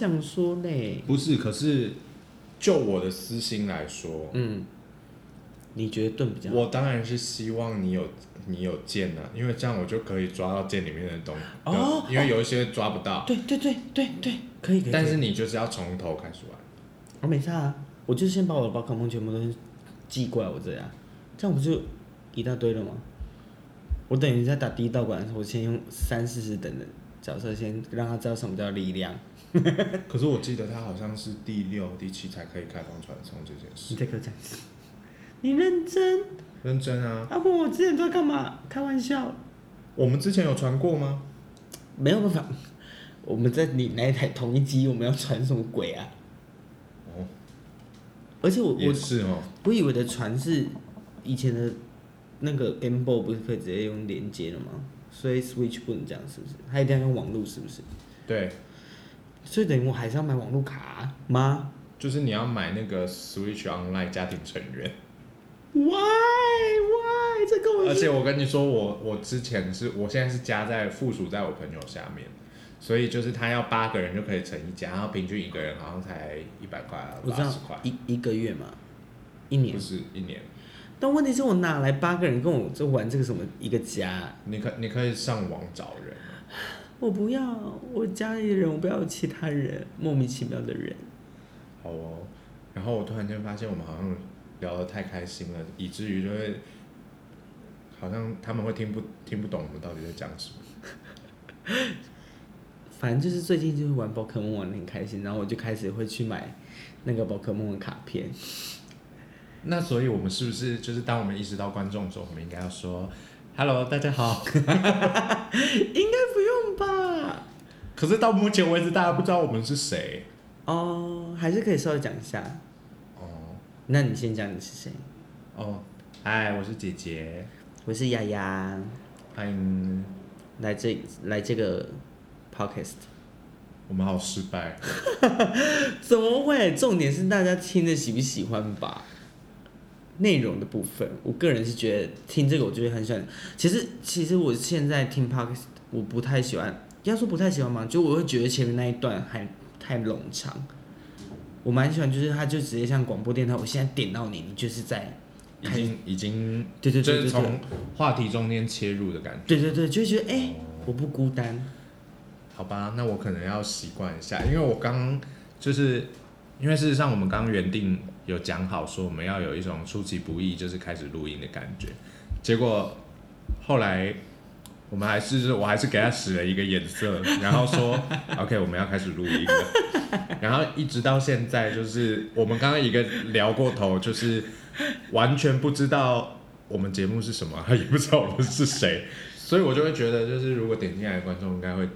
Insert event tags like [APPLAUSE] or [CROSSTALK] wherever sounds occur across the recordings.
想說嘞，不是，可是就我的私心來說，嗯，你覺得盾比較好？我當然是希望你有你有劍了，啊，因為這樣我就可以抓到劍裡面的東西哦，因為有一些抓不到。哦，對對對對對，對，可，可以。但是你就是要從頭開始玩。我沒事啊，我就先把我的寶可夢全部都寄過來我這裡，啊，這樣不就一大堆了嗎？我等於在打第一道館的時候，我先用三四十等的角色先讓他知道什麼叫力量。 [LAUGHS] 可是我記得他好像是第六、第七才可以開放傳送這件事。你這個這樣子，你認真？認真啊！啊不，我之前都在幹嘛？開玩笑。我們之前有傳過嗎？沒有辦法，我們在你那一台同一機？我們要傳什麼鬼啊？哦。而且我我是哦，我以為的傳是以前的那個 Game Boy 不是可以直接用連接的嗎？所以 Switch 不能這樣，是不是？它一定要用網路，是不是？對。所以等於我還是要買網路卡嗎？就是你要買那個 Switch Online 家庭成員。Why Why 這個？而且我跟你說，我我之前是，我現在是加在附屬在我朋友下面，所以就是他要八個人就可以成一家，然後平均一個人好像才100塊塊我知道一百塊，八十塊一一個月嘛，一年？不是一年。但問題是我哪來八個人跟我這玩這個什麼一個家、啊？你可你可以上網找人。我不要，我家裡人，我不要其他人，莫名其妙的人。好哦，然後我突然間發現我們好像聊得太開心了，以至於就會好像他們會聽不聽不懂我們到底在講什麼。 [LAUGHS] 反正就是最近就是玩寶可夢玩的很開心，然後我就開始會去買那個寶可夢的卡片。 [LAUGHS] 那所以我們是不是就是當我們意識到觀眾的時候，我們應該要說 “hello，大家好。” [LAUGHS] [LAUGHS] 應該不用。吧，可是到目前為止，大家不知道我們是誰哦，oh, 還是可以稍微講一下哦。Oh. 那你先講你是誰哦，哎、oh.，我是杰杰，我是亞亞，歡迎來這來這個 podcast，我們好失敗， [LAUGHS] 怎麼會？重點是大家聽得喜不喜歡吧？內容的部分，我個人是覺得聽這個我就會很喜歡。其實，其實我現在聽 podcast。我不太喜歡，要說不太喜歡嗎？就我會覺得前面那一段還太冗長。我蠻喜歡，就是他就直接像廣播電臺，我現在點到你，你就是在，已經已經對對對，對對對，就是從話題中間切入的感覺。對對對，就覺得哎、欸哦，我不孤單。好吧，那我可能要習慣一下，因為我剛剛就是因為事實上我們剛剛原定有講好說我們要有一種出其不意，就是開始錄音的感覺，結果後來。我們還是，我還是給他使了一個眼色，然後說 [LAUGHS] ，OK，我們要開始錄音了。然後一直到現在，就是我們剛剛一個聊過頭，就是完全不知道我們節目是什麼，也不知道我們是誰，所以我就會覺得，就是如果點進來的觀眾應該會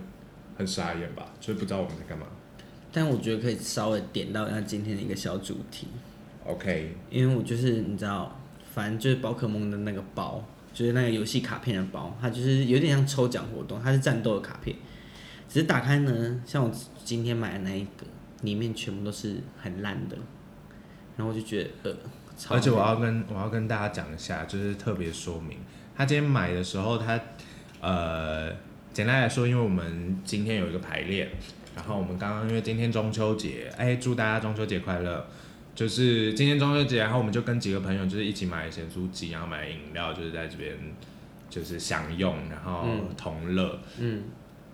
很傻眼吧，就不知道我們在幹嘛。但我覺得可以稍微點到一下今天的一個小主題。OK，因為我就是你知道，反正就是寶可夢的那個包。就是那個遊戲卡片的包，它就是有點像抽獎活動，它是戰鬥的卡片。只是打開呢，像我今天買的那一個，裡面全部都是很爛的，然後我就覺得，呃、超爛的。而且我要跟我要跟大家講一下，就是特別說明，他今天買的時候，他呃，簡單來說，因為我們今天有一個排練，然後我們剛剛因為今天中秋節，哎、欸，祝大家中秋節快樂。就是今天中秋節，然後我們就跟幾個朋友就是一起買一些鹹酥雞，然後買飲料，就是在這邊就是享用，然後同樂。嗯，嗯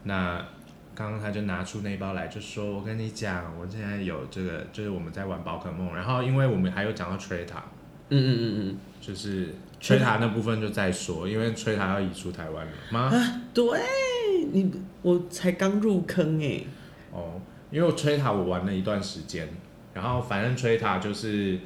那剛剛他就拿出那包來，就說：“我跟你講，我現在有這個，就是我們在玩寶可夢。然後因為我們還有講到吹塔、嗯，嗯嗯嗯嗯，就是吹塔、欸、那部分就再說，因為吹塔要移出台灣了嗎？啊，對，你我才剛入坑誒、欸。哦，因為我吹塔我玩了一段時間。然後反正吹塔就是，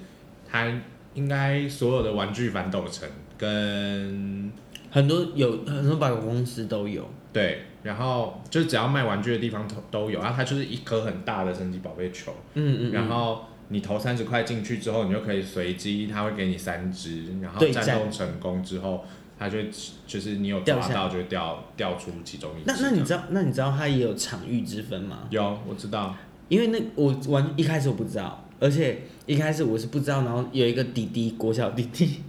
它應該所有的玩具反斗城跟很多有很多百貨公司都有。對，然後就是只要賣玩具的地方都有。然後它就是一顆很大的神奇寶貝球。嗯，嗯，嗯。然後你投三十塊進去之後，你就可以隨機，他會給你三隻。然後戰鬥成功之後，它就就是你有抓到就會掉，就掉掉出其中一隻。那那你知道那你知道它也有場域之分嗎？有，我知道。因為那我玩一開始我不知道，而且一開始我是不知道，然後有一個弟弟國小弟弟，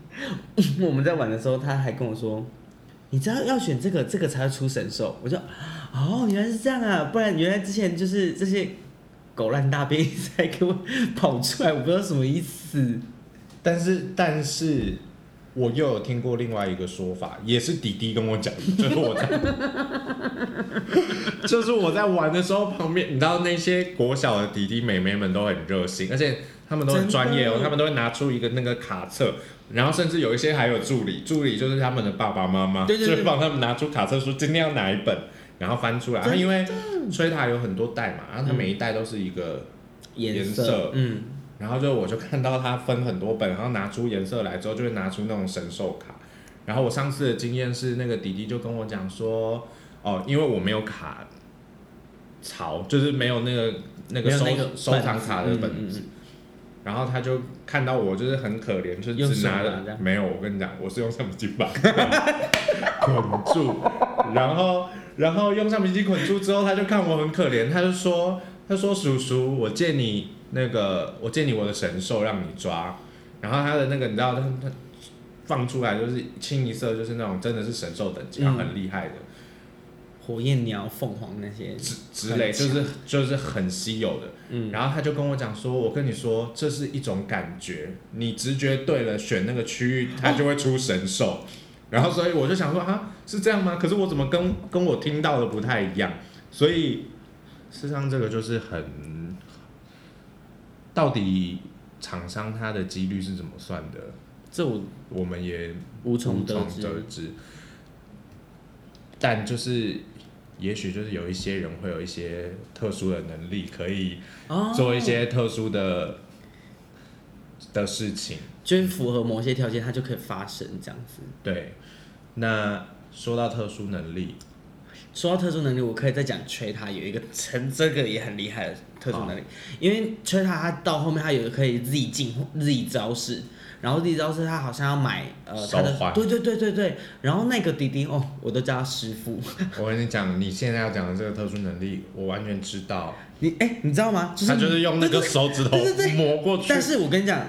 我們在玩的時候他還跟我說，你知道要選這個，這個才會出神獸。我就哦，原來是這樣啊，不然原來之前就是這些狗爛大便才給我跑出來，我不知道什麼意思。但是但是。我又有聽過另外一個說法，也是弟弟跟我講，就是我在， [LAUGHS] [LAUGHS] 就是我在玩的時候旁邊、旁邊你知道那些國小的弟弟妹妹們都很熱心，而且他們都很專業哦，他們都會拿出一個那個卡冊，然後甚至有一些還有助理，助理就是他們的爸爸媽媽，就是幫他們拿出卡冊說今天要哪一本，然後翻出來，因為吹塔有很多袋嘛，然後它每一袋都是一個顏色，嗯、顏色，嗯。然後就我就看到他分很多本，然後拿出顏色來之後，就會拿出那種神獸卡。然後我上次的經驗是，那個弟弟就跟我講說，哦，因為我沒有卡槽，就是沒有那個那個收那個收藏卡的本子，嗯嗯嗯。然後他就看到我就是很可憐，就是拿了，沒有。我跟你講，我是用橡皮筋綁捆住，然後然後用橡皮筋捆住之後，他就看我很可憐，他就說他說叔叔，我借你。那個，我借你我的神獸讓你抓，然後他的那個你知道他他放出來就是清一色就是那種真的是神獸等級、嗯，很厲害的，火焰鳥、鳳凰那些之之類，就是就是很稀有的。嗯、然後他就跟我講說，我跟你說，這是一種感覺，你直覺對了，選那個區域，他就會出神獸、啊。然後所以我就想說啊，是這樣嗎？可是我怎麼跟跟我聽到的不太一樣？所以事實上這個就是很。到底廠商它的幾率是怎麼算的？這我我們也無從得,得知。但就是，也許就是有一些人會有一些特殊的能力，可以、哦、做一些特殊的的事情，就是符合某些條件，它就可以發生這樣子、嗯。對，那說到特殊能力。說到特殊能力，我可以再講吹他有一個，吹這個也很厲害的特殊能力，哦、因為吹他他到後面他有一個可以自己進自己招式，然後自己招式他好像要買呃他的環，對對對對對，然後那個弟弟哦，我都叫他師傅。我跟你講，你現在要講的這個特殊能力，我完全知道。你哎，你知道嗎？就是，他就是用那個手指頭摸過去。但是我跟你講。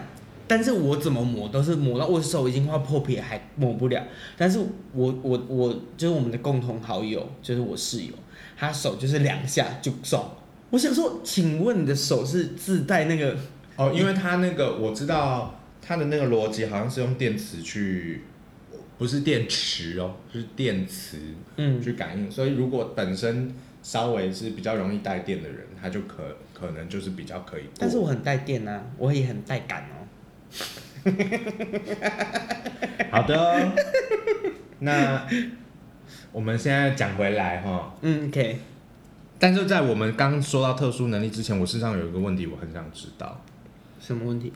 但是我怎麼磨都是磨到我的手已經快破皮也還磨不了。但是我我我就是我們的共同好友，就是我室友，他手就是兩下就中。我想說，請問你的手是自帶那個？哦，因為他那個我知道他的那個邏輯好像是用電磁去，不是電池哦、喔，就是電磁嗯去感應、嗯。所以如果本身稍微是比較容易帶電的人，他就可可能就是比較可以。但是我很帶電吶、啊，我也很帶感、喔。 [LAUGHS] 好的哦、喔。那我們現在講回來哈。嗯，OK。但是在我們剛說到特殊能力之前，我身上有一個問題，我很想知道。什麼問題？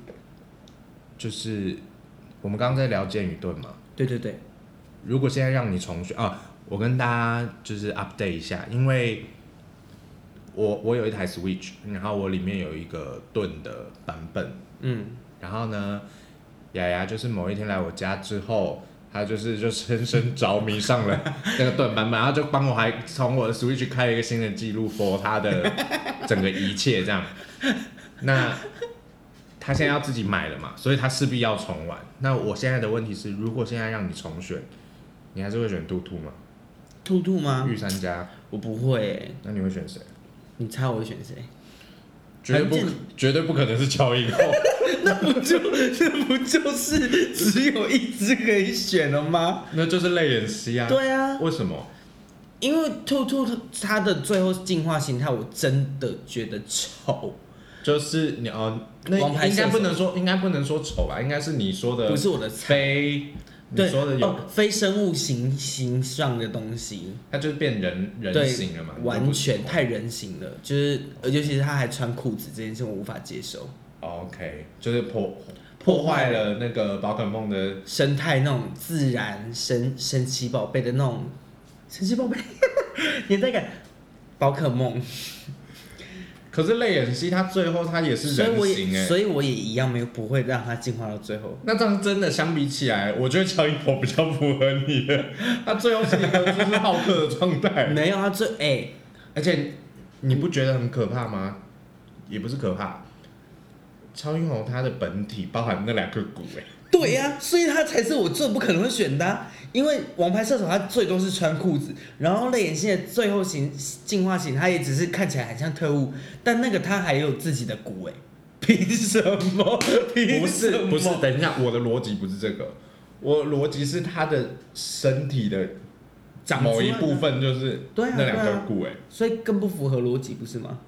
就是我們剛剛在聊劍與盾嘛。對對對。如果現在讓你重選啊，我跟大家就是 update 一下，因為我我有一台 Switch，然後我裡面有一個盾的版本，嗯。然後呢，亞亞就是某一天來我家之後，他就是就深深着迷上了那個盾版本， [LAUGHS] 然後就幫我還從我的 Switch 開了一個新的記錄，for 他的整個一切這樣。 [LAUGHS] 那他現在要自己買了嘛，所以他勢必要重玩。那我現在的問題是，如果現在讓你重選，你還是會選兔兔嗎？兔兔嗎？兔御三家，我不會。那你會選誰？你猜我會選誰？絕對不，絕對不可能是敲音猴。 [LAUGHS] [LAUGHS] 那不就那不就是只有一只可以選了嗎？ [LAUGHS] 那就是淚眼 C 啊。對啊。為什麼？因為兔兔它的最後進化形態，我真的覺得醜。就是你啊、哦，那應該不,不能說，應該不能說醜吧？應該是你說的，不是我的菜對你說的、哦、非生物形形象的東西，它就變人人形了嘛？完全太人形了，就是、哦，尤其是他還穿褲子這件事，我無法接受。OK，就是破破壞了，了那個寶可夢的生態，那種自然神神奇寶貝的那種神奇寶貝，你那個寶可夢 [LAUGHS] 。可是淚眼蜥，它最後它也是人形，哎，所以我也一樣沒有不會讓它進化到最後。那這樣真的相比起來，我覺得喬伊婆比較符合你。那 [LAUGHS] 最後是一個就是浩克的狀態，沒有啊，他最，哎，欸、而且你不覺得很可怕嗎？也不是可怕。超英雄它的本體包含那兩個骨哎，對呀、啊，所以它才是我最不可能會選的、啊，因為王牌射手他最多是穿褲子，然後類眼線的最後型進化型，他也只是看起來很像特務，但那個他還有自己的骨哎，憑什麼？憑什麼？不是不是，等一下，我的邏輯不是這個，我的邏輯是他的身體的某一部分就是那兩個骨哎、啊啊，所以更不符合邏輯不是嗎？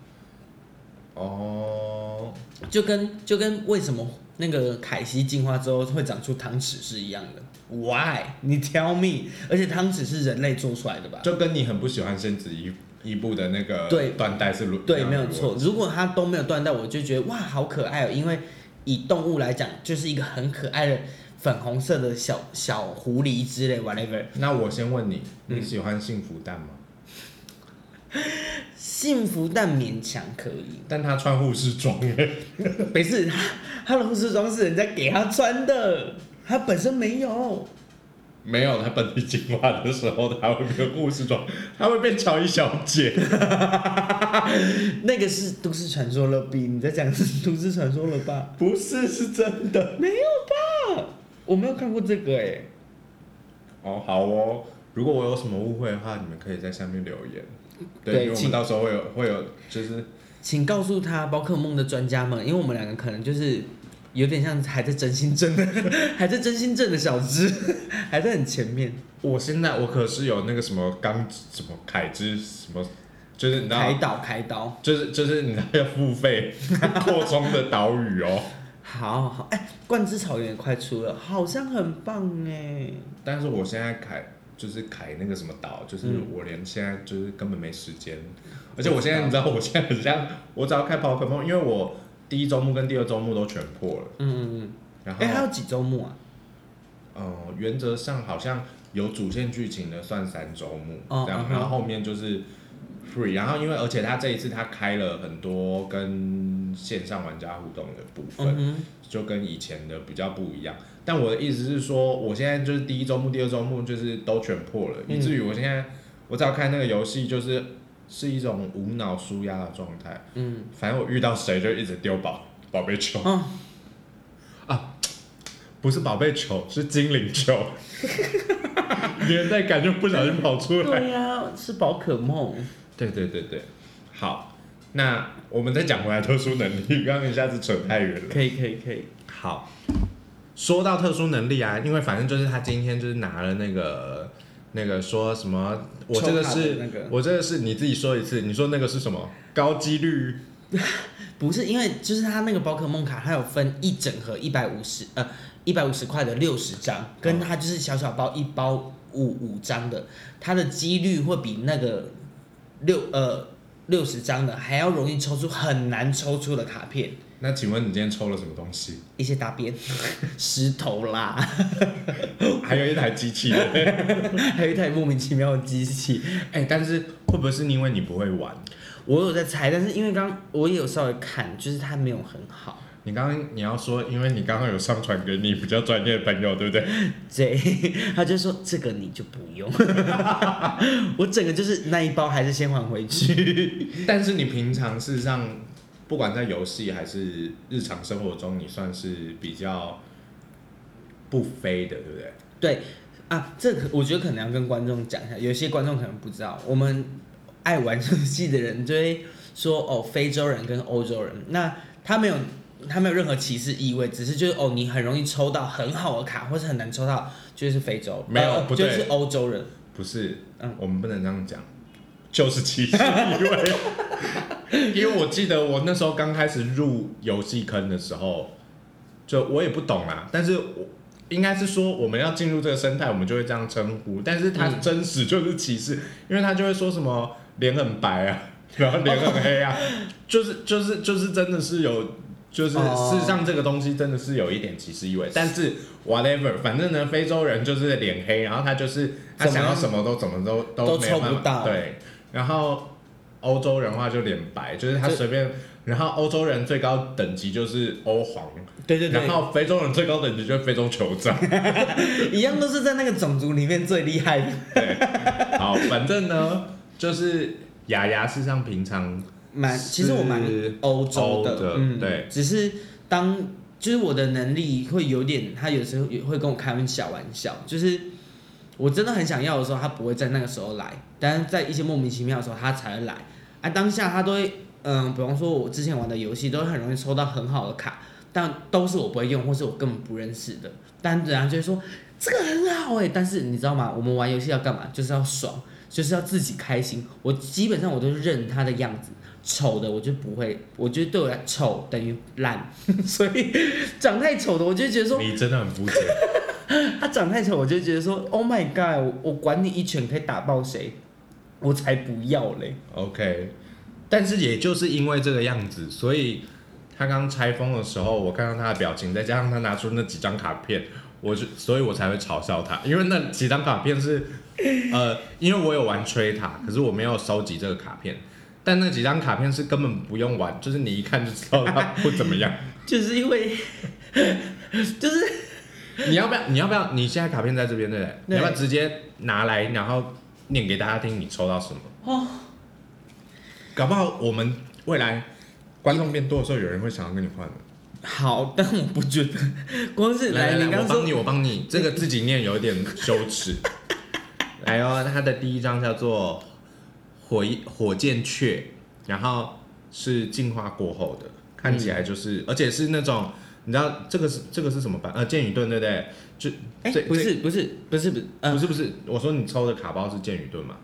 哦、oh.，就跟就跟為什麼那個凱西進化之後會長出湯匙是一樣的？Why？你 tell me。而且湯匙是人類做出來的吧？就跟你很不喜歡《仙子伊伊布》的那個緞帶是如對，對，沒有錯。如果他都沒有緞帶，我就覺得哇，好可愛哦、喔！因為以動物來講，就是一個很可愛的粉紅色的小小狐狸之類，whatever。那我先問你，你喜歡幸福蛋嗎？嗯幸福但勉強可以，但他穿護士裝耶，沒事，他他的護士裝是人家給他穿的，他本身沒有，沒有，他本地進化的時候他會變護士裝， [LAUGHS] 他會變喬伊小姐 [LAUGHS] [LAUGHS] [LAUGHS] 那個是都市傳說了，比你在講是都市傳說了吧？ [LAUGHS] 不是，是真的，沒有吧？我沒有看過這個哎、欸，哦，好哦。如果我有什麼誤會的話，你們可以在下面留言。對，對我們到時候會有會有就是，請告訴他寶可夢的專家們，因為我們兩個可能就是有點像還在真心鎮的， [LAUGHS] 還在真心鎮的小只，還在很前面。我現在我可是有那個什麼鋼什麼凱之什麼，就是你知道海島開刀，就是就是你知道要付費 [LAUGHS] 擴充的島嶼哦。好，好，哎、欸，冠之草原快出了，好像很棒哎、欸。但是我現在凱。就是開那個什麼島，就是我連現在就是根本沒時間、嗯，而且我現在你知道我現在很像，我只要開跑可夢，因為我第一周目跟第二周目都全破了。嗯嗯嗯。然後，還、欸、有幾周目啊？呃、原則上好像有主線劇情的算三周目，哦，然後後面就是 free，嗯嗯，然後因為而且他這一次他開了很多跟線上玩家互動的部分，嗯嗯，就跟以前的比較不一樣。但我的意思是說，我現在就是第一周目、第二周目，就是都全破了，以、嗯、至於我現在我只要看那個遊戲，就是是一種無腦紓壓的狀態。嗯，反正我遇到誰就一直丟寶，寶貝球、哦。啊，不是寶貝球，是精靈球。 [LAUGHS] [LAUGHS] 年代感就不小心跑出來。對呀、啊，是寶可夢。對對對對，好，那我們再講回來特殊能力，剛剛一下子扯太遠了。可以可以可以，好。說到特殊能力啊，因為反正就是他今天就是拿了那個那個說什麼，我這個是、那個、我這個是你自己說一次，你說那個是什麼高幾率不是，因為就是他那個寶可夢卡，它有分一整盒一百五十呃一百五十塊的六十張，跟他就是小小包一包五五張的，它的幾率會比那個六呃六十張的還要容易抽出，很難抽出的卡片。那請問你今天抽了什麼東西？一些大便、石頭啦， [LAUGHS] 還有一台機器人， [LAUGHS] 還有一台莫名其妙的機器。欸，但是會不會是因為你不會玩？我有在猜，但是因為剛剛我也有稍微看，就是它沒有很好。你剛剛你要說，因為你剛剛有上傳給你比較專業的朋友，對不對？對，他就說這個你就不用。 [LAUGHS] 我整個就是那一包還是先還回去。但是你平常事實上。不管在遊戲還是日常生活中，你算是比較不非的，對不對？對啊，這個我覺得可能要跟觀眾講一下，有些觀眾可能不知道，我們愛玩遊戲的人就會說哦，非洲人跟歐洲人，那他沒有他沒有任何歧視意味，只是就是哦，你很容易抽到很好的卡，或是很難抽到就是非洲沒有、呃不對，就是歐洲人不是，嗯，我們不能這樣講。就是歧視 [LAUGHS] 因為因為我記得我那時候剛開始入遊戲坑的時候，就我也不懂啊。但是我應該是說，我們要進入這個生態，我們就會這樣稱呼。但是它真實就是歧視。嗯，因為他就會說什麼臉很白啊，然後臉很黑啊，Oh. 就是就是就是真的是有，就是事實上這個東西真的是有一點歧視意味。Oh. 但是 whatever，反正呢，非洲人就是臉黑，然後他就是他想要什麼都怎麼都都湊不到，對。然後歐洲人話就臉白，就是他隨便。然後歐洲人最高等級就是歐皇，對,對對。然後非洲人最高等級就是非洲酋長， [LAUGHS] 一樣都是在那個種族裡面最厲害的對。好，反正呢 [LAUGHS] 就是亞亞，是像上平常蠻、嗯，其實我蠻歐洲的，對。只是當就是我的能力會有點，他有時候也會跟我開小玩笑，就是。我真的很想要的時候，他不會在那個時候來，但是在一些莫名其妙的時候，他才來。哎、啊，當下他都會，嗯、呃，比方說，我之前玩的遊戲都很容易抽到很好的卡，但都是我不會用，或是我根本不認識的。但別人家就會說這個很好哎、欸，但是你知道嗎？我們玩遊戲要幹嘛？就是要爽，就是要自己開心。我基本上我都是認他的樣子，醜的我就不會，我覺得對我來醜等於爛，所以長太醜的我就覺得說你真的很膚淺。 [LAUGHS] 他、啊、長太醜，我就覺得說，Oh my god，我，我管你一拳可以打爆誰，我才不要嘞。OK，但是也就是因為這個樣子，所以他剛拆封的時候、嗯，我看到他的表情，再加上他拿出那幾張卡片，我就所以我才會嘲笑他，因為那幾張卡片是，呃，因為我有玩吹塔，可是我沒有收集這個卡片，但那幾張卡片是根本不用玩，就是你一看就知道他不怎麼樣， [LAUGHS] 就是因為，就是。你要不要？你要不要？你現在卡片在這邊對不對？你要不要直接拿來，然後念給大家聽？你抽到什麼？哦、oh.，搞不好我們未來觀眾變多的時候，有人會想要跟你換。好，但我不覺得， [LAUGHS] 光是來，來你剛剛說我幫你，我幫你，這個自己念有點羞恥。 [LAUGHS] 來哦，他的第一張叫做火火箭雀，然後是進化過後的、嗯，看起來就是，而且是那種。你知道、這個、這個是這個是什麼牌？呃，劍與盾對不對？就，欸、不，是不，是不，是不是不是不是不是不是不是，我說你抽的卡包是劍與盾嗎？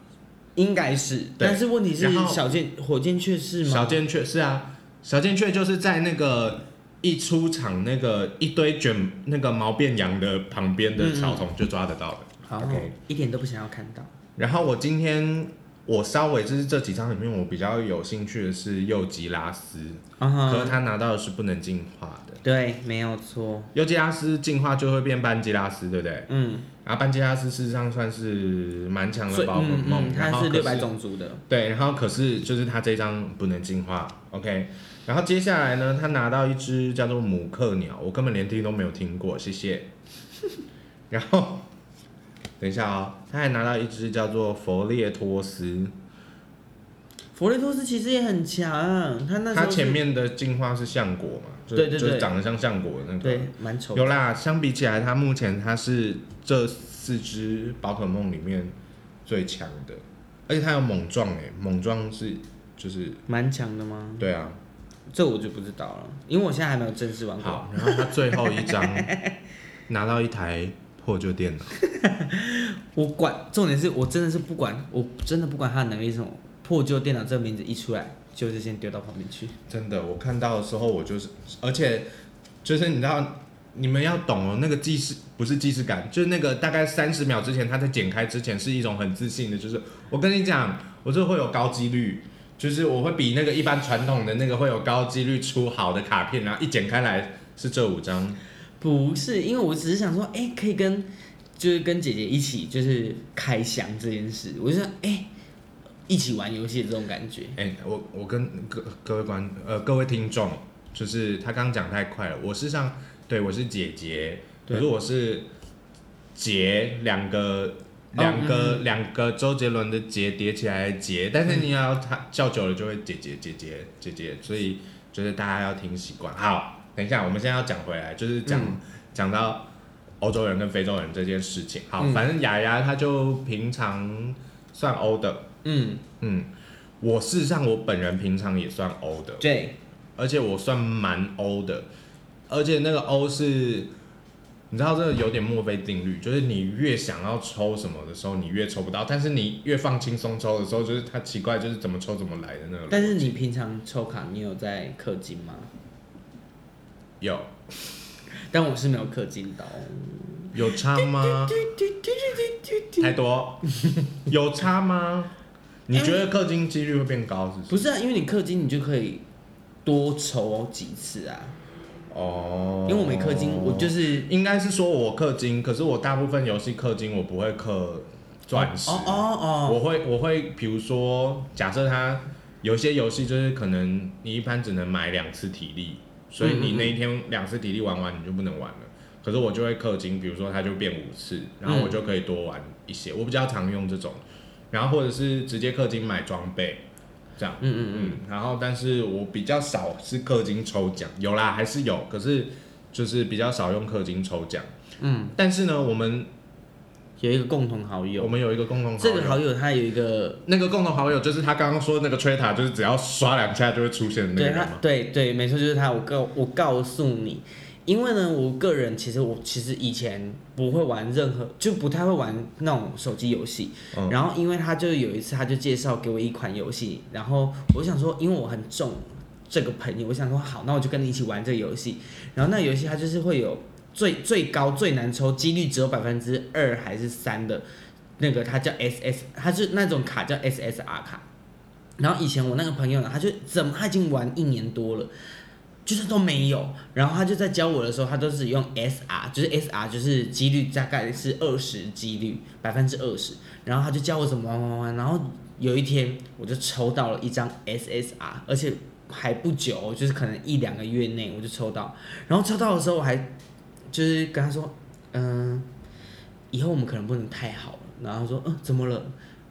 應該是，但是問題是小劍火箭雀是嗎？小劍雀是啊，嗯、小劍雀就是在那個一出場那個一堆卷那個毛辮羊的旁邊的草叢就抓得到的，嗯嗯。OK，一點都不想要看到。然後我今天我稍微就是這幾張裡面我比較有興趣的是幼基拉斯。啊哈，可是他拿到的是不能進化。對，沒有錯。幼基拉斯進化就會變班基拉斯，對不對？嗯。然後班基拉斯事實上算是蠻強的寶可夢、嗯嗯，它是六百種族的。對，然後可是就是它這張不能進化，OK。然後接下來呢，他拿到一只叫做姆克鳥，我根本連聽都沒有聽過，謝謝。然後等一下哦、喔，他還拿到一只叫做佛烈托斯，佛烈托斯其實也很強、啊，他那他前面的進化是橡果嘛？就對對對，就長得像橡果的那個，對，蠻醜的。有啦，相比起來，它目前它是這四隻寶可夢裡面最強的，而且它有猛撞誒，猛撞是就是，蠻強的嗎？對啊，這我就不知道了，因為我現在還沒有正式玩過。好，然後他最後一張拿到一台破舊電腦。 [LAUGHS] 我管，重點是我真的是不管，我真的不管它能力是什麼，破舊電腦這個名字一出來。就是先丟到旁邊去。真的，我看到的時候，我就是，而且，就是你知道，你們要懂哦，那個既視不是既視感，就是那個大概三十秒之前，他在剪開之前是一種很自信的，就是我跟你講，我就會有高幾率，就是我會比那個一般傳統的那個會有高幾率出好的卡片，然後一剪開來是這五張。不是，因為我只是想說，哎、欸，可以跟就是跟姐姐一起就是開箱這件事，我就說，哎、欸。一起玩遊戲的這種感覺。哎、欸，我我跟各、呃、各位觀呃各位聽眾，就是他剛剛講太快了。我事實上，對，我是姐姐，對，可是我是杰，兩個兩、哦、個兩、嗯嗯、個周杰倫的杰疊起來的杰。但是你要他叫久了就會姐姐姐姐姐姐，所以就是大家要聽習慣。好，等一下我們現在要講回來，就是講講、嗯、到歐洲人跟非洲人這件事情。好，嗯、反正亞亞她就平常算歐的。嗯嗯，我事實上我本人平常也算歐的，對，而且我算蠻歐的，而且那個歐是，你知道這個有點墨菲定律，嗯，就是你越想要抽什麼的時候，你越抽不到，但是你越放輕鬆抽的時候，就是他奇怪，就是怎麼抽怎麼來的那種。但是你平常抽卡，你有在氪金嗎？有， [LAUGHS] 但我是沒有氪金到。有差嗎？太多，有差嗎？ [LAUGHS] 你覺得氪金幾率會變高是不是啊？嗯，不是啊，因為你氪金，你就可以多抽幾次啊。哦。因為我沒氪金，我就是應該是說，我氪金，可是我大部分遊戲氪金，我不會氪鑽石。哦哦，哦，哦。我會，我會，比如說，假設它有些遊戲就是可能你一般只能買兩次體力，所以你那一天兩次體力玩完你就不能玩了。嗯嗯嗯，可是我就會氪金，比如說它就變五次，然後我就可以多玩一些。嗯、我比較常用這種。然後或者是直接氪金買裝備，這樣。嗯嗯嗯，嗯。然後，但是我比較少是氪金抽獎，有啦，還是有，可是就是比較少用氪金抽獎。嗯。但是呢，我們有一個共同好友，我們有一個共同好友。這個好友，他有一個那個共同好友，就是他剛剛說那個吹塔，就是只要刷兩下就會出現那個。對對對，沒錯，就是他。我告我告訴你。因為呢，我個人其實我其實以前不會玩任何，就不太會玩那種手機遊戲。然後因為他就有一次他就介紹給我一款遊戲，然後我想說，因為我很重這個朋友，我想說好，那我就跟你一起玩這個遊戲。然後那遊戲它就是會有最最高最難抽，幾率只有百分之二還是三的，那個它叫 S S，它是那種卡叫 S S R 卡。然後以前我那個朋友呢，他就怎麼他已經玩一年多了。就是都沒有，然後他就在教我的時候，他都是用 SR，就是 SR，就是幾率大概是二十幾率百分之二十，20%，然後他就教我怎麼玩玩玩，然後有一天我就抽到了一張 SSR，而且還不久，就是可能一兩個月內我就抽到，然後抽到的時候我還就是跟他說，嗯、呃，以後我們可能不能太好了，然後我說嗯、呃、怎麼了？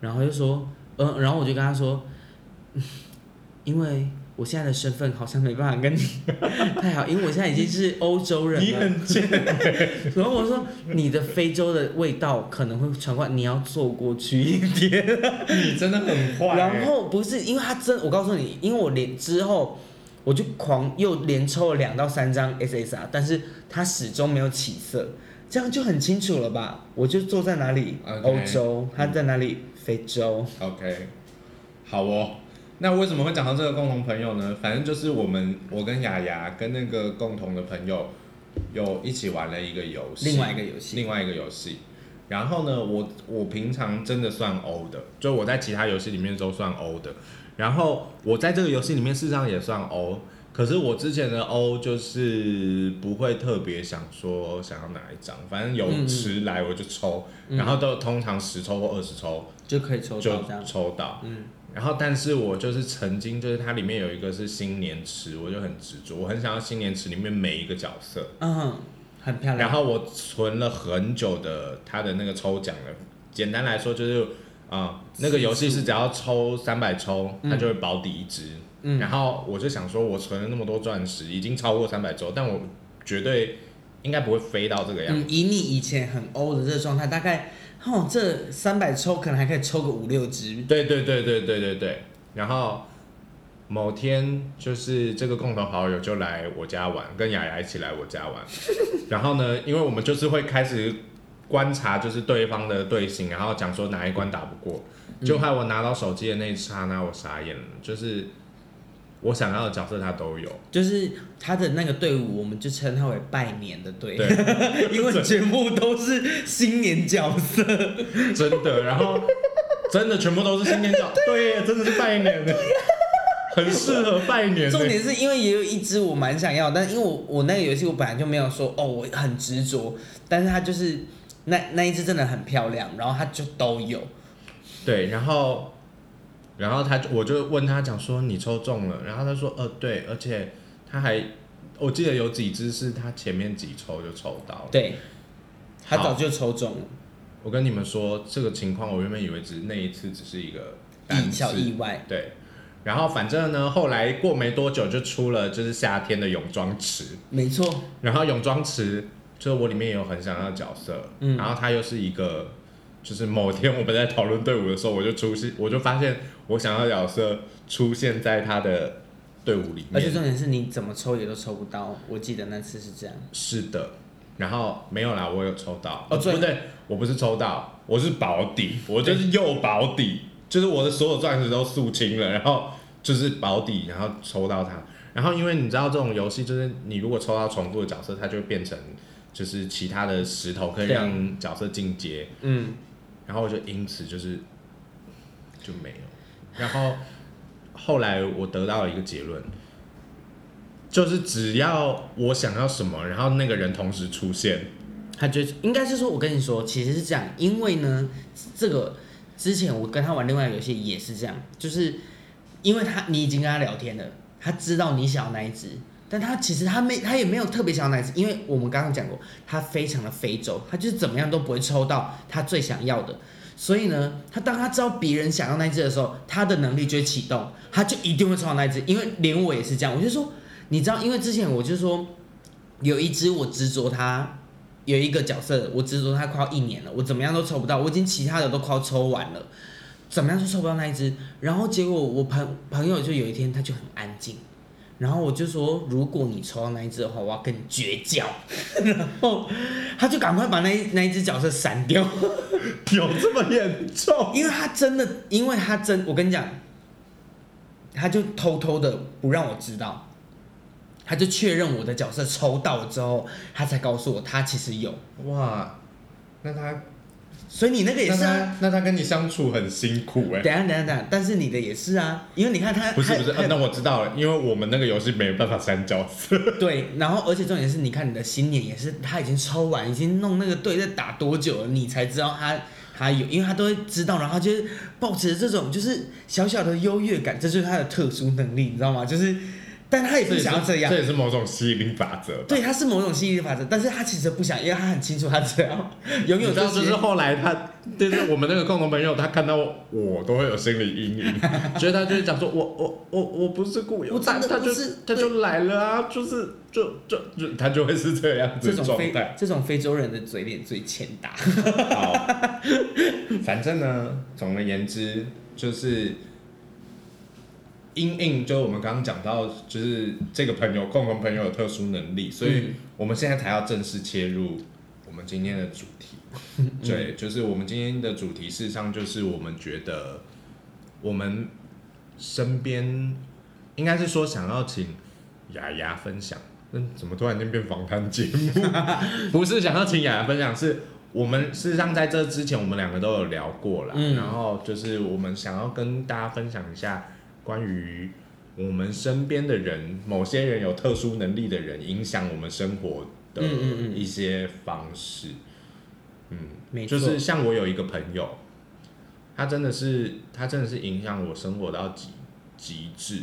然後又說嗯、呃，然後我就跟他說，因為。我現在的身份好像沒辦法跟你太好，因為我現在已經是歐洲人了。你很賤、欸。 [LAUGHS] 然後我說你的非洲的味道可能會傳過來，你要坐過去一點。你真的很壞、欸。然後不是因為他真，我告訴你，因為我連之後我就狂又連抽了兩到三張 SSR，但是他始終沒有起色，這樣就很清楚了吧？我就坐在哪裡？okay，歐洲，他在哪裡？非洲。okay，OK，好哦。那為什麼會講到這個共同朋友呢？反正就是我們，我跟亞亞跟那個共同的朋友，有一起玩了一個遊戲，另外一個遊戲，另外一個遊戲、嗯。然後呢，我我平常真的算歐的，就我在其他遊戲裡面都算歐的。然後我在這個遊戲裡面事實上也算歐，可是我之前的歐就是不會特別想說想要哪一張，反正有池來我就抽，嗯嗯，然後都通常十抽或二十抽、嗯、就可以抽到，就抽到，嗯。然後，但是我就是曾經，就是它裡面有一個是新年池，我就很執着，我很想要新年池裡面每一個角色，嗯哼，很漂亮。然後我存了很久的它的那個抽獎了，簡單來說就是，啊、嗯，那個遊戲是只要抽三百抽，它就會保底一隻。嗯。然後我就想說，我存了那麼多鑽石，已經超過三百抽，但我絕對應該不會飛到這個樣子，嗯，以你以前很歐的這個狀態，大概。哦，這三百抽可能還可以抽個五六隻。對對對對對對對。然後某天就是這個共同好友就來我家玩，跟亞亞一起來我家玩。 [LAUGHS] 然後呢，因為我們就是會開始觀察就是對方的隊形，然後講說哪一關打不過、嗯，就害我拿到手機的那一剎那，我傻眼了，就是。我想要的角色他都有，就是他的那個隊伍，我們就稱他為拜年的隊， [LAUGHS] 因為全部都是新年角色，真的， [LAUGHS] 然後真的全部都是新年角，對，對，真的是拜年，的，很適合拜年。重點是因為也有一支我蠻想要，但因為我我那個遊戲我本來就沒有說哦我很執着，但是他就是那那一支真的很漂亮，然後他就都有，對，然後。然後他就我就問他講說你抽中了，然後他說呃、哦、對，而且他還我記得有幾只是他前面幾抽就抽到了，對，他早就抽中了。我跟你們說這個情況，我原本以為只是那一次只是一個小意,意外，對。然後反正呢，後來過沒多久就出了就是夏天的泳裝池，沒錯。然後泳裝池就是我裡面有很想要的角色、嗯，然後他又是一個就是某天我們在討論隊伍的時候，我就出現我就發現。我想要角色出現在他的隊伍裡面，而且重點是你怎麼抽也都抽不到。我記得那次是這樣。是的，然後沒有啦，我有抽到哦，對。不對，我不是抽到，我是保底，我就是又保底，就是我的所有鑽石都肅清了，然後就是保底，然後抽到它。然後因為你知道這種遊戲，就是你如果抽到重複的角色，它就會變成就是其他的石頭可以讓角色進階。嗯。然後我就因此就是就沒了。然後後來我得到了一個結論，就是只要我想要什麼，然後那個人同時出現，他就應該是說，我跟你說，其實是這樣，因為呢，這個之前我跟他玩另外遊戲也是這樣，就是因為他你已經跟他聊天了，他知道你想要哪一只，但他其實他沒他也沒有特別想要哪一只，因為我們剛剛講過，他非常的非洲，他就是怎麼樣都不會抽到他最想要的。所以呢，他當他知道別人想要那一隻的時候，他的能力就會啟動，他就一定會抽到那一隻。因為連我也是這樣，我就說，你知道，因為之前我就說，有一隻我執着它，有一個角色我執着它快要一年了，我怎麼樣都抽不到，我已經其他的都快要抽完了，怎麼樣都抽不到那一隻，然後結果我朋朋友就有一天他就很安靜。然後我就說，如果你抽到那一隻的話，我要跟你絕交。然後他就趕快把那一那一隻角色刪掉。有這麼嚴重？因為他真的，因為他真，我跟你講，他就偷偷的不讓我知道，他就確認我的角色抽到之後，他才告訴我他其實有。哇，那他。所以你那個也是，啊那，那他跟你相處很辛苦哎、欸。等一下等一下等，但是你的也是啊，因為你看他不是不是，啊，那我知道了，因為我們那個遊戲沒辦法刪角色。 [LAUGHS] 對，然後而且重點是，你看你的新年也是，他已經抽完，已經弄那個隊在打多久了，你才知道他他有，因為他都會知道，然後就是抱持這種就是小小的優越感，這就是他的特殊能力，你知道嗎？就是。但他也不想要這樣，這也是某種吸引力法則。對，他是某種吸引力法則，但是他其實不想，因為他很清楚他這樣永遠就是後來他，就是我們那個共同朋友，他看到我都會有心理陰影， [LAUGHS] 所以他就講說我，我我我我不是故意，但他就他就來了啊，就是就就就他就會是這樣子狀態。這種這種非洲人的嘴臉最欠打。好， [LAUGHS] 反正呢，總而言之就是。因應，就我們剛剛講到，就是這個朋友共同朋友有特殊能力，所以我們現在才要正式切入我們今天的主題。嗯、對，就是我們今天的主題，事實上就是我們覺得我們身邊，應該是說想要請亞亞分享。嗯，怎麼突然間變訪談節目？ [LAUGHS] 不是想要請亞亞分享，是我們事實上在這之前，我們兩個都有聊過啦、嗯。然後就是我們想要跟大家分享一下。關於我們身邊的人，某些人有特殊能力的人，影響我們生活的一些方式，嗯，嗯，嗯，嗯，沒錯，就是像我有一個朋友，他真的是他真的是影響我生活到極極致，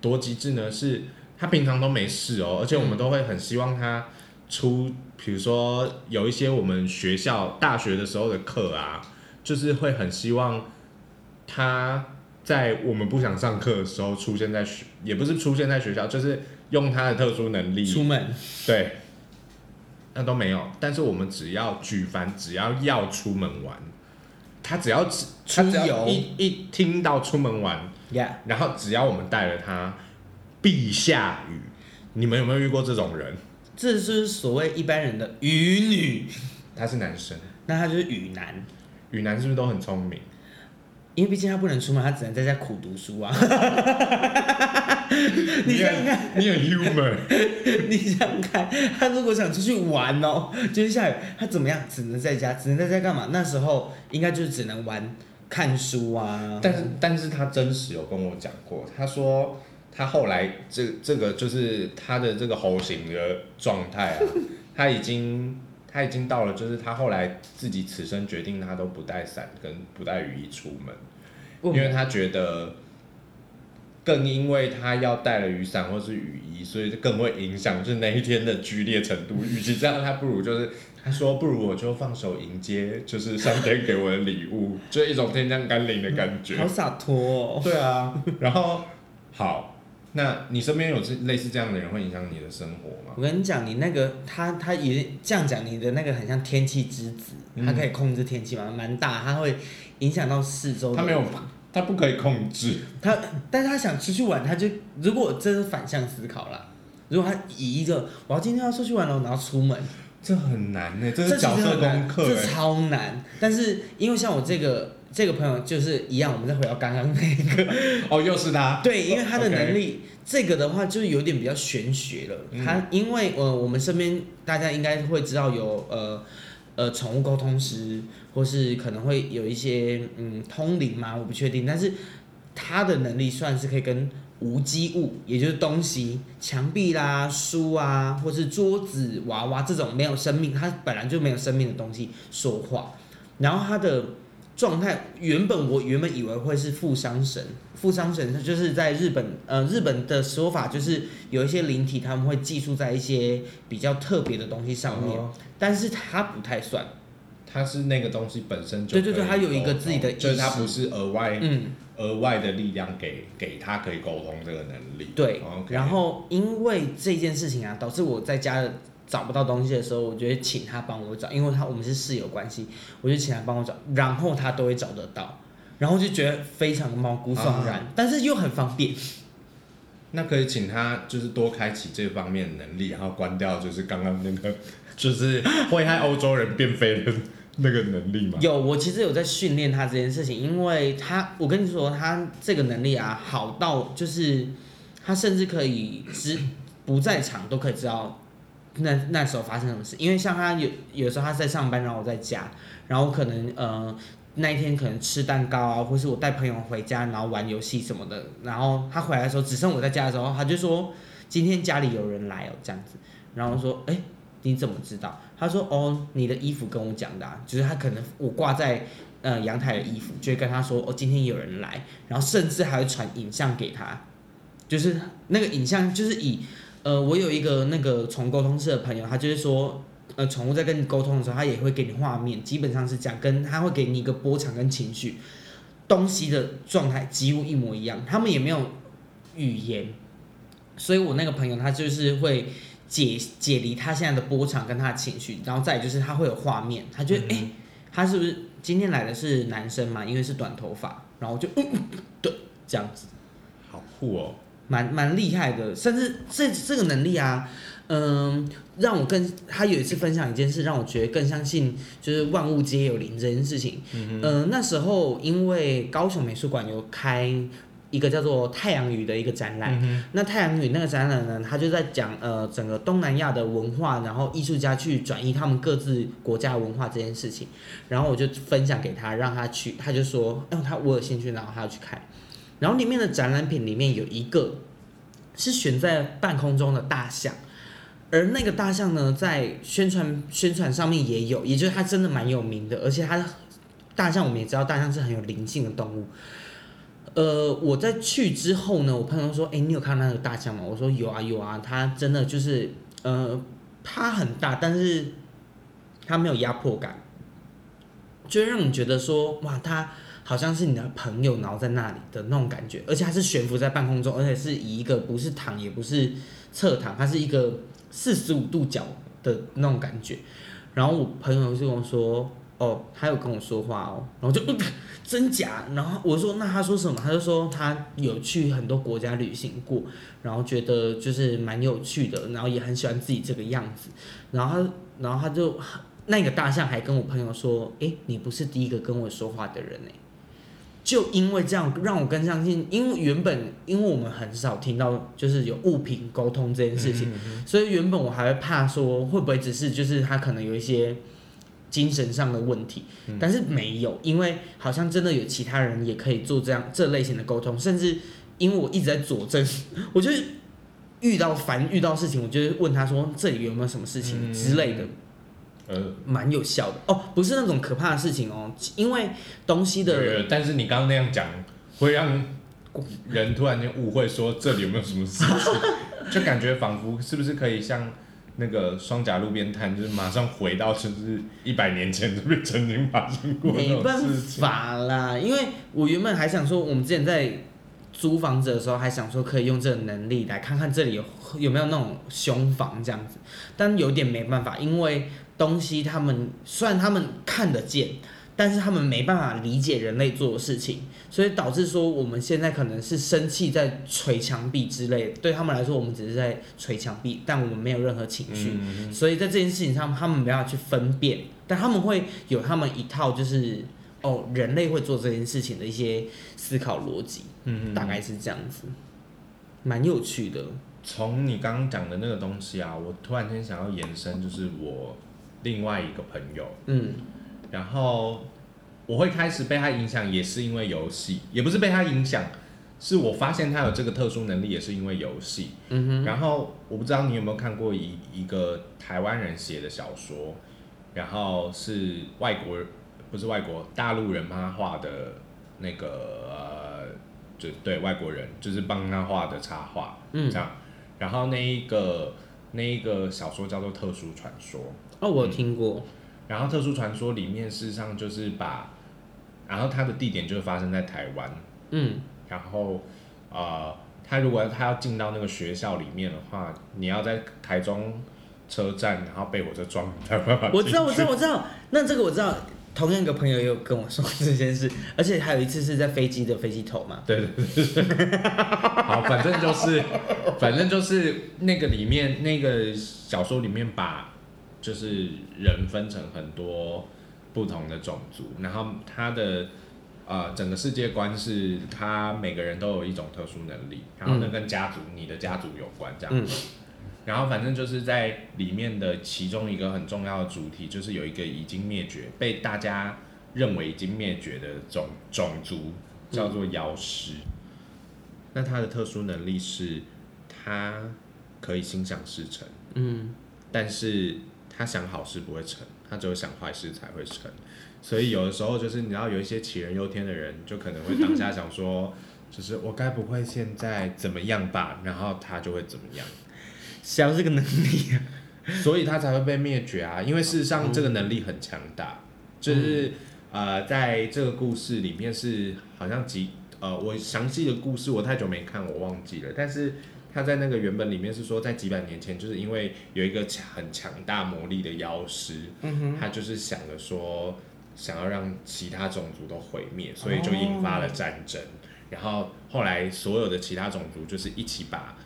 多極致呢？是他平常都沒事哦，而且我們都會很希望他出，嗯，比如說有一些我們學校大學的時候的課啊，就是會很希望他。在我們不想上課的時候出現在學，也不是出現在學校，就是用他的特殊能力出門。對，那都沒有。但是我們只要舉凡只要要出門玩，他只要出他只出遊一一聽到出門玩，Yeah. 然後只要我們帶了他，必下雨。你們有沒有遇過這種人？這是所謂一般人的雨女。 [LAUGHS] 他是男生，那他就是雨男。雨男是不是都很聰明？因為畢竟他不能出門，他只能在家苦讀書啊。 [LAUGHS] 你看看，你很幽默。你很, human [LAUGHS] 你想看他如果想出去玩哦，接、就是、下來他怎麼樣？只能在家，只能在家幹嘛？那時候應該就只能玩看書啊。但是，但是他真實有跟我講過，他說他後來這這個就是他的這個喉型的狀態啊， [LAUGHS] 他已經。他已經到了，就是他後來自己此生決定，他都不帶傘跟不帶雨衣出門，因為他覺得，更因為他要帶了雨傘或是雨衣，所以就更會影響就是那一天的劇烈程度。與其這樣，他不如就是他說不如我就放手迎接，就是上天給我的禮物， [LAUGHS] 就一種天降甘霖的感覺。嗯、好灑脫，哦，對啊，然後好。那你身邊有是類似這樣的人會影響你的生活嗎？我跟你講，你那個他他也這樣講，你的那個很像天氣之子，他、嗯、可以控制天氣嘛？蠻大，他會影響到四周的。他沒有，他不可以控制。他，但是他想出去玩，他就如果這是反向思考啦。如果他移一個我要今天要出去玩了，我要出門，這很難呢、欸，這是角色功課、欸這，這超難。但是因為像我這個。嗯這個朋友就是一樣，我們再回到剛剛那個哦，又是他。 [LAUGHS] 對，因為他的能力，哦 okay，這個的話就是有點比較玄學了。嗯、他因為呃，我們身邊大家應該會知道有呃呃寵物溝通師，或是可能會有一些嗯通靈嘛，我不確定。但是他的能力算是可以跟無機物，也就是東西、牆壁啦、書啊，或是桌子、娃娃這種沒有生命，它本來就沒有生命的東西說話，然後他的。狀態原本我原本以為會是付喪神、付喪神，他就是在日本，呃，日本的說法就是有一些靈體他們會寄宿在一些比較特別的東西上面，哦、但是他不太算，他是那個東西本身就以對對對，他有一個自己的意識，哦，就是他不是額外嗯額外的力量給給他可以溝通這個能力對、okay，然後因為這件事情啊，導致我在家。找不到東西的時候，我覺得請他幫我找，因為他我們是室友關係，我就請他幫我找，然後他都會找得到，然後就覺得非常毛骨悚然、啊，但是又很方便。那可以請他就是多開啟這方面的能力，然後關掉就是剛剛那個就是會害歐洲人變肥的那個能力嗎？有，我其實有在訓練他這件事情，因為他，我跟你說，他這個能力啊，好到就是他甚至可以知，不在場都可以知道。那那時候發生什麼事？因為像他有有時候他在上班，然後我在家，然後可能呃那一天可能吃蛋糕啊，或是我帶朋友回家，然後玩遊戲什麼的，然後他回來的時候只剩我在家的時候，他就說今天家裡有人來哦，這樣子，然後我說欸，你怎麼知道？他說哦你的衣服跟我講的啊，就是他可能我掛在呃陽台的衣服，就會跟他說哦今天有人來，然後甚至還會傳影像給他，就是那個影像就是以。呃，我有一個那個寵物溝通室的朋友，他就是說，呃，寵物在跟你溝通的時候，他也會給你畫面，基本上是這樣，跟他會給你一個波長跟情緒東西的狀態幾乎一模一樣。他們也沒有語言，所以我那個朋友他就是會解解離他現在的波長跟他的情緒，然後再就是他會有畫面，他就哎、嗯嗯欸，他是不是今天來的是男生嘛？因為是短頭髮，然後就嗯嗯嗯，對，這樣子，好酷哦。蠻蠻厲害的，甚至這這個能力啊，嗯、呃，讓我更他有一次分享一件事，讓我覺得更相信就是萬物皆有靈這件事情。嗯、呃、那時候因為高雄美術館有開一個叫做太陽雨的一個展覽，嗯、那太陽雨那個展覽呢，他就在講呃整個東南亞的文化，然後藝術家去轉移他們各自國家文化這件事情，然後我就分享給他，讓他去，他就說，那、呃、他我有興趣，然後他要去看。然後裡面的展覽品裡面有一個是懸在半空中的大象，而那個大象呢，在宣傳宣傳上面也有，也就是它真的蠻有名的。而且它大象我們也知道，大象是很有靈性的動物。呃，我在去之後呢，我朋友說：“誒，你有看到那個大象嗎？”我說：“有啊，有啊。”它真的就是，呃，它很大，但是它沒有壓迫感，就會讓你覺得說：“哇，它。”好像是你的朋友，然後在那裡的那種感覺，而且還是懸浮在半空中，而且是以一個不是躺也不是側躺，它是一個四十五度角的那種感覺。然後我朋友就跟我說：“哦，他有跟我說話哦。”然後就、呃，真假？然後我說：“那他說什麼？”他就說他有去很多國家旅行過，然後覺得就是蠻有趣的，然後也很喜歡自己這個樣子。然後他，然後他就那個大象還跟我朋友說：“誒，你不是第一個跟我說話的人誒。”就因為這樣讓我更相信，因為原本因為我們很少聽到就是有物品溝通這件事情，嗯嗯嗯，所以原本我還會怕說會不會只是就是他可能有一些精神上的問題，嗯嗯，但是沒有，因為好像真的有其他人也可以做這樣這類型的溝通，甚至因為我一直在佐證，我就是遇到煩、反遇到事情，我就是問他說，這裡有沒有什麼事情之類的。嗯嗯嗯呃，蠻有效的哦，不是那種可怕的事情哦，喔，因為東西的人，對。但是你剛剛那樣講，會讓人突然間誤會，說這裡有沒有什麼事情， [LAUGHS] 就感覺仿佛是不是可以像那個雙甲路邊攤，就是馬上回到甚至一百年前這邊曾經發生過的事情。沒辦法啦，因為我原本還想說，我們之前在租房子的時候，還想說可以用這個能力來看看這裡有有沒有那種凶房這樣子，但有點沒辦法，因為。東西他們雖然他們看得見，但是他們沒辦法理解人類做的事情，所以導致說我們現在可能是生氣在捶牆壁之類的，對他們來說我們只是在捶牆壁，但我們沒有任何情緒，嗯，所以在這件事情上他們沒辦法去分辨，但他們會有他們一套就是哦人類會做這件事情的一些思考邏輯，嗯，大概是這樣子，蠻有趣的。從你剛剛講的那個東西啊，我突然間想要延伸，就是我。另外一個朋友，嗯，然後我會開始被他影響，也是因為遊戲，也不是被他影響，是我發現他有這個特殊能力，也是因為遊戲，嗯哼。然後我不知道你有沒有看過一一個台灣人寫的小說，然後是外國人，不是外國大陸人幫他畫的那個呃，就對外國人就是幫他畫的插畫，嗯，這樣。然後那一個那一個小說叫做《特殊傳說》。哦，我有聽過。嗯、然後《特殊傳說》裡面，事實上就是把，然後他的地點就是發生在台灣。嗯。然後，呃，他如果他要進到那個學校裡面的話，你要在台中車站，然後被火車撞，沒辦法。我知道，我知道，我知道。那這個我知道，同樣一個朋友也有跟我說這件事，而且還有一次是在飛機的飛機頭嘛。對對對。好，反正就是，反正就是那個裡面那個小說裡面把。就是人分成很多不同的種族，然後他的呃整個世界觀是，他每個人都有一種特殊能力，然後呢，跟家族、嗯、你的家族有關這樣子。嗯。然後反正就是在裡面的其中一個很重要的主題，就是有一個已經滅絕、被大家認為已經滅絕的種種族，叫做妖師、嗯。那他的特殊能力是，他可以心想事成。嗯。但是。他想好事不會成，他只有想壞事才會成，所以有的時候就是，你知道有一些杞人憂天的人，就可能會當下想說， [LAUGHS] 就是我該不會現在怎麼樣吧，然後他就會怎麼樣， [LAUGHS] 想這個能力啊，所以他才會被滅絕啊， [LAUGHS] 因為事實上這個能力很強大，就是呃，在這個故事裡面是好像幾呃，我詳細的故事我太久沒看我忘記了，但是。他在那個原本裡面是說，在幾百年前，就是因為有一個強很強大魔力的妖師，嗯哼。他就是想着說，想要讓其他種族都毀滅，所以就引發了戰爭，哦。然後後來所有的其他種族就是一起把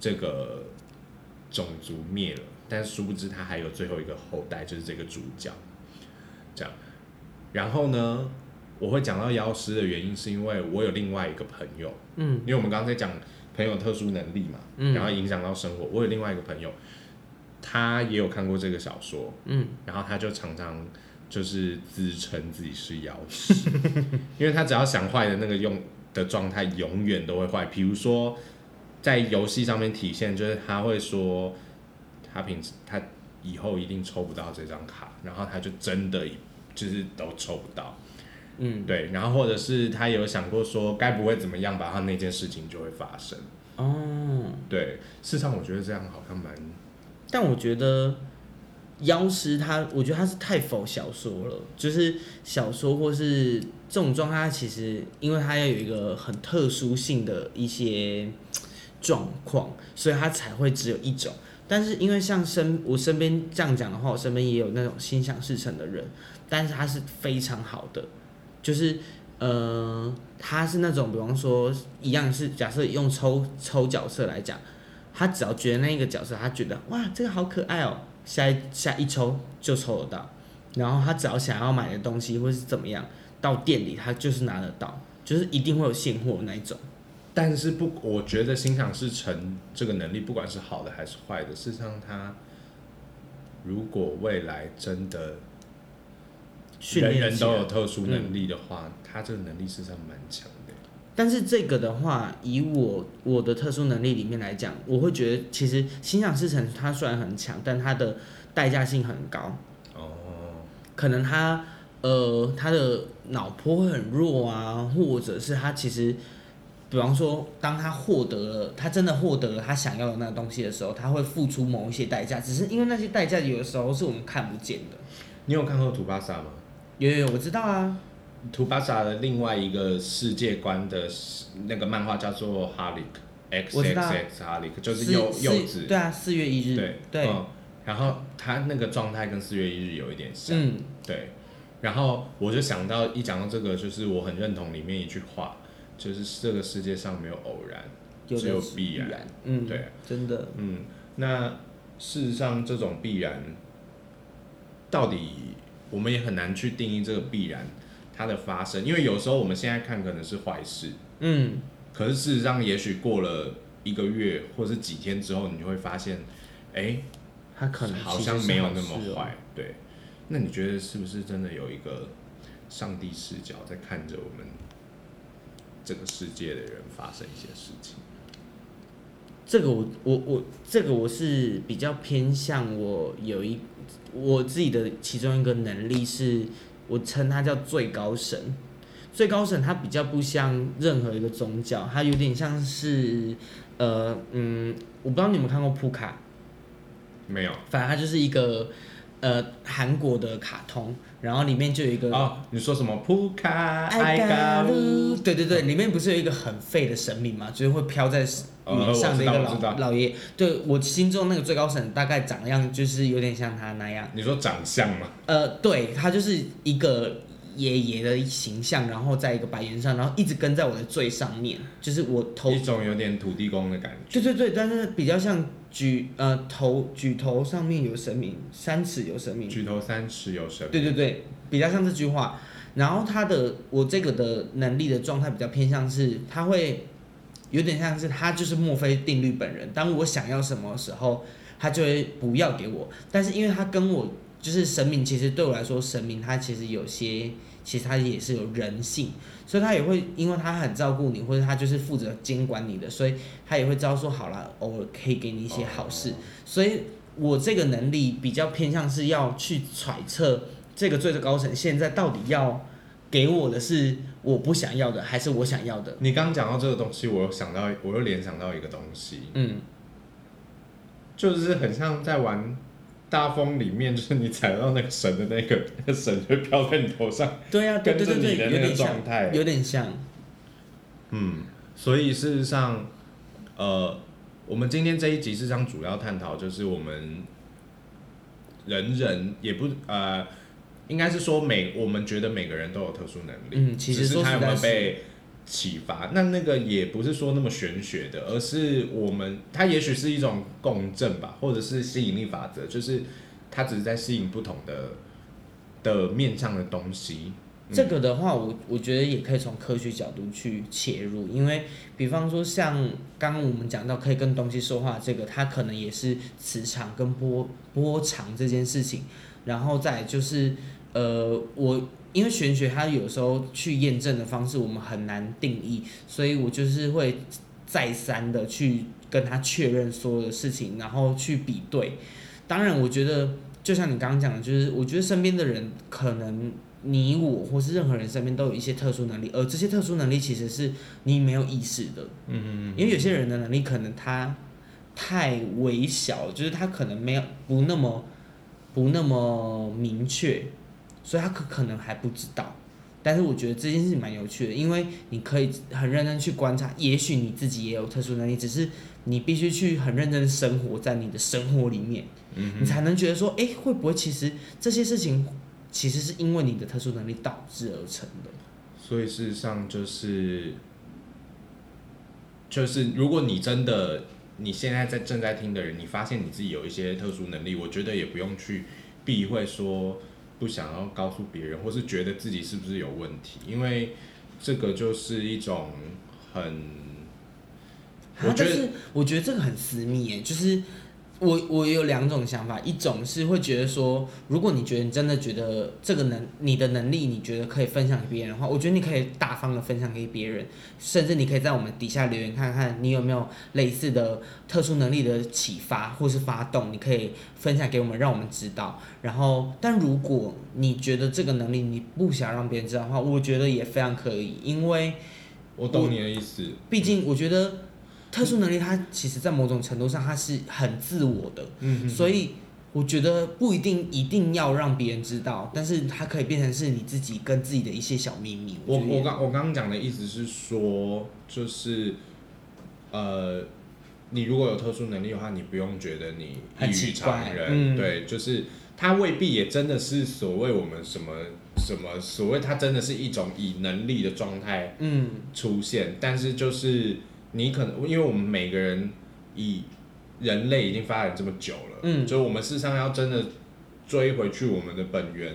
這個種族滅了，但殊不知他還有最後一個後代，就是這個主角這樣。然後呢，我會講到妖師的原因，是因為我有另外一個朋友，嗯，因為我們剛才講。朋友特殊能力嘛，然後影響到生活。嗯。我有另外一個朋友，他也有看過這個小說，嗯，然後他就常常就是自稱自己是妖師， [LAUGHS] 因為他只要想壞的那個用的狀態，永遠都會壞。比如說在遊戲上面體現，就是他會說他平時他以後一定抽不到這張卡，然後他就真的就是都抽不到。嗯，對，然後或者是他有想過說該不會怎麼樣吧，他那件事情就會發生哦。對，事實上我覺得這樣好像蠻……但我覺得妖師他，我覺得他是太否小說了，嗯，就是小說或是這種狀態，他其實因為他要有一個很特殊性的一些狀況，所以他才會只有一種。但是因為像身我身邊這樣講的話，我身邊也有那種心想事成的人，但是他是非常好的。就是，呃，他是那種，比方說，一樣是假設用抽抽角色來講，他只要覺得那一個角色，他覺得哇，這個好可愛哦，喔，下一下一抽就抽得到，然後他只要想要買的東西或是怎麼樣，到店裡他就是拿得到，就是一定會有現貨那一種。但是不，我覺得心想事成這個能力，不管是好的還是壞的，事實上他如果未來真的。人人都有特殊能力的話，嗯、他這個能力實際上蠻強的。但是這個的話，以我我的特殊能力裡面來講，我會覺得其實心想事成，他雖然很強，但他的代價性很高。哦，可能他呃他的腦波會很弱啊，或者是他其實，比方說當他獲得了他真的獲得了他想要的那個東西的時候，他會付出某一些代價，只是因為那些代價有的時候是我們看不見的。你有看過土巴薩嗎？有有我知道啊，圖巴薩的另外一個世界觀的，那個漫畫叫做《哈里克》X X X 哈里克。就是幼幼稚，對啊，四月一日，對對、哦，然後他那個狀態跟四月一日有一點像，嗯對，然後我就想到一講到這個，就是我很認同裡面一句話，就是這個世界上沒有偶然，有然只有必然，嗯對，真的，嗯，那事實上這種必然到底，我們也很難去定義這個必然它的發生，因為有時候我們現在看可能是壞事，嗯，可是事實上也許過了一個月或者幾天之後，你就會發現，哎，它可能好像沒有那麼壞，對。那你覺得是不是真的有一個上帝視角在看着我們這個世界的人發生一些事情？這個我我我這個我是比較偏向我有一。我自己的其中一個能力是，我稱它叫最高神。最高神它比較不像任何一個宗教，它有點像是，呃嗯，我不知道你們有沒有看過普卡，沒有，反正它就是一個。呃，韓國的卡通，然後裡面就有一個。哦，你說什麼？普卡愛卡路。魯？對對對、嗯，裡面不是有一個很廢的神明嗎？就是會飄在雲上的一個老、呃、知道知道老爺。對，我心中那個最高神，大概長樣就是有點像他那樣。嗯、你說長相嗎？呃，對，他就是一個爺爺的形象，然後在一個白雲上，然後一直跟在我的最上面，就是我頭一種有點土地公的感覺。對對對，但是比較像。舉呃，頭，舉頭上面有神明，三尺有神明。舉頭三尺有神明。對對對，比較像這句話。然後他的我這個的能力的狀態比較偏向是，他會有點像是他就是墨菲定律本人。當我想要什麼時候，他就會不要給我。但是因為他跟我就是神明，其實對我來說，神明他其實有些，其實他也是有人性，所以他也會，因為他很照顧你，或者他就是負責監管你的，所以他也會知道說，好了，偶爾可以給你一些好事。Okay. 所以我這個能力比較偏向是要去揣測這個最高層現在到底要給我的是我不想要的，還是我想要的？你剛剛講到這個東西，我又想到，我又聯想到一個東西，嗯，就是很像在玩。大風裡面，就是你踩到那個繩的那個繩，那個繩就飄在你頭上。對啊，對對對，跟著你的那個狀態有點像有點像。嗯，所以事實上，呃，我們今天這一集是想主要探討就是我們人人也不呃，應該是說每我們覺得每個人都有特殊能力，嗯，其實說實在是，只是他有沒有被？啟發，那那個也不是說那麼玄學的，而是我們它也許是一種共振吧，或者是吸引力法則，就是它只是在吸引不同的的面上的東西。嗯。這個的話，我我覺得也可以從科學角度去切入，因為比方說像剛剛我們講到可以跟東西說話這個，它可能也是磁場跟波波長這件事情，然後再就是呃我。因為玄學它有時候去驗證的方式我們很難定義，所以我就是會再三的去跟他確認所有的事情，然後去比對。當然，我覺得就像你剛剛講的，就是我覺得身邊的人可能你我或是任何人身邊都有一些特殊能力，而這些特殊能力其實是你沒有意識的。嗯嗯嗯。因為有些人的能力可能他太微小，就是他可能沒有不那麼不那麼明確。所以他可可能還不知道，但是我覺得這件事情蠻有趣的，因為你可以很認真去觀察，也許你自己也有特殊能力，只是你必須去很認真生活在你的生活裡面，嗯，你才能覺得說，哎，欸，會不會其實這些事情其實是因為你的特殊能力導致而成的？所以事實上就是，就是如果你真的你現在在正在聽的人，你發現你自己有一些特殊能力，我覺得也不用去避諱說。不想要告訴別人，或是覺得自己是不是有問題，因為這個就是一種很，我覺得是我覺得這個很私密欸，就是。我我有兩種想法，一種是會覺得說，如果你覺得你真的覺得這個能你的能力，你覺得可以分享給別人的話，我覺得你可以大方的分享給別人，甚至你可以在我們底下留言看看你有沒有類似的特殊能力的啟發或是發動，你可以分享給我們，讓我們知道。然後，但如果你覺得這個能力你不想讓別人知道的話，我覺得也非常可以，因為我，我懂你的意思。畢竟我覺得。特殊能力，它其實，在某種程度上，它是很自我的，嗯，所以我覺得不一定一定要讓別人知道，但是它可以變成是你自己跟自己的一些小祕密。我我剛我剛剛講的意思是說，就是，呃，你如果有特殊能力的話，你不用覺得你異於常人，嗯，對，就是它未必也真的是所謂我們什麼什麼所謂它真的是一種以能力的狀態，嗯，出現，但是就是。你可能因為我們每個人以人類已經發展這麼久了，所、嗯、以我們事實上要真的追回去我們的本源，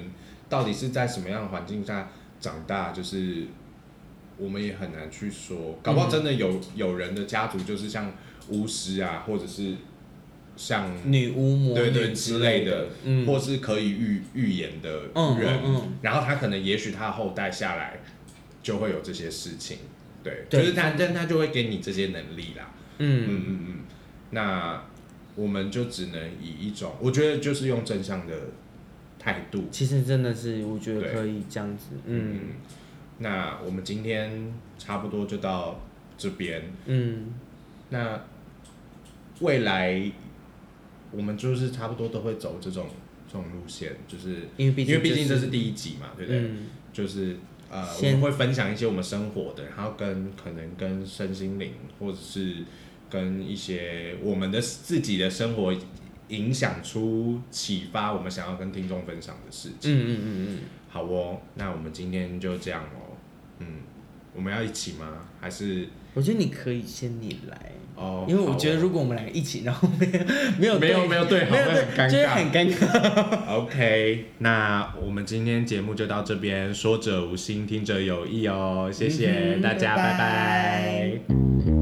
到底是在什麼樣的環境下長大，就是我們也很難去說，搞不好真的有、嗯、有，有人的家族就是像巫師啊，或者是像女巫、魔對對之類的，類的嗯、或是可以預預言的人、嗯嗯嗯，然後他可能也許他後代下來就會有這些事情。對，對，就是他真，但他就會給你這些能力啦。嗯嗯嗯嗯，那我們就只能以一種，我覺得就是用正向的態度。其實真的是，我覺得可以這樣子嗯。嗯，那我們今天差不多就到這邊。嗯，那未來我們就是差不多都會走這種這種路線，就是因為畢，因為畢竟、就是、竟這是第一集嘛，嗯、對不對，對？就是。呃，先我們會分享一些我們生活的，然後跟可能跟身心靈，或者是跟一些我們的自己的生活，影響出啟發我們想要跟聽眾分享的事情。嗯嗯嗯嗯。好哦，那我們今天就這樣哦，嗯，我們要一起嗎？還是？我覺得你可以先你來，oh, 因為我覺得如果我們兩個一起，然後沒有 [LAUGHS] 沒有 [LAUGHS] 沒有，沒有對，沒有對好，會很尷尬。尬 [LAUGHS] OK，那我們今天節目就到這邊，說者無心，聽者有意哦，謝謝大家，拜、嗯、拜。Bye bye bye bye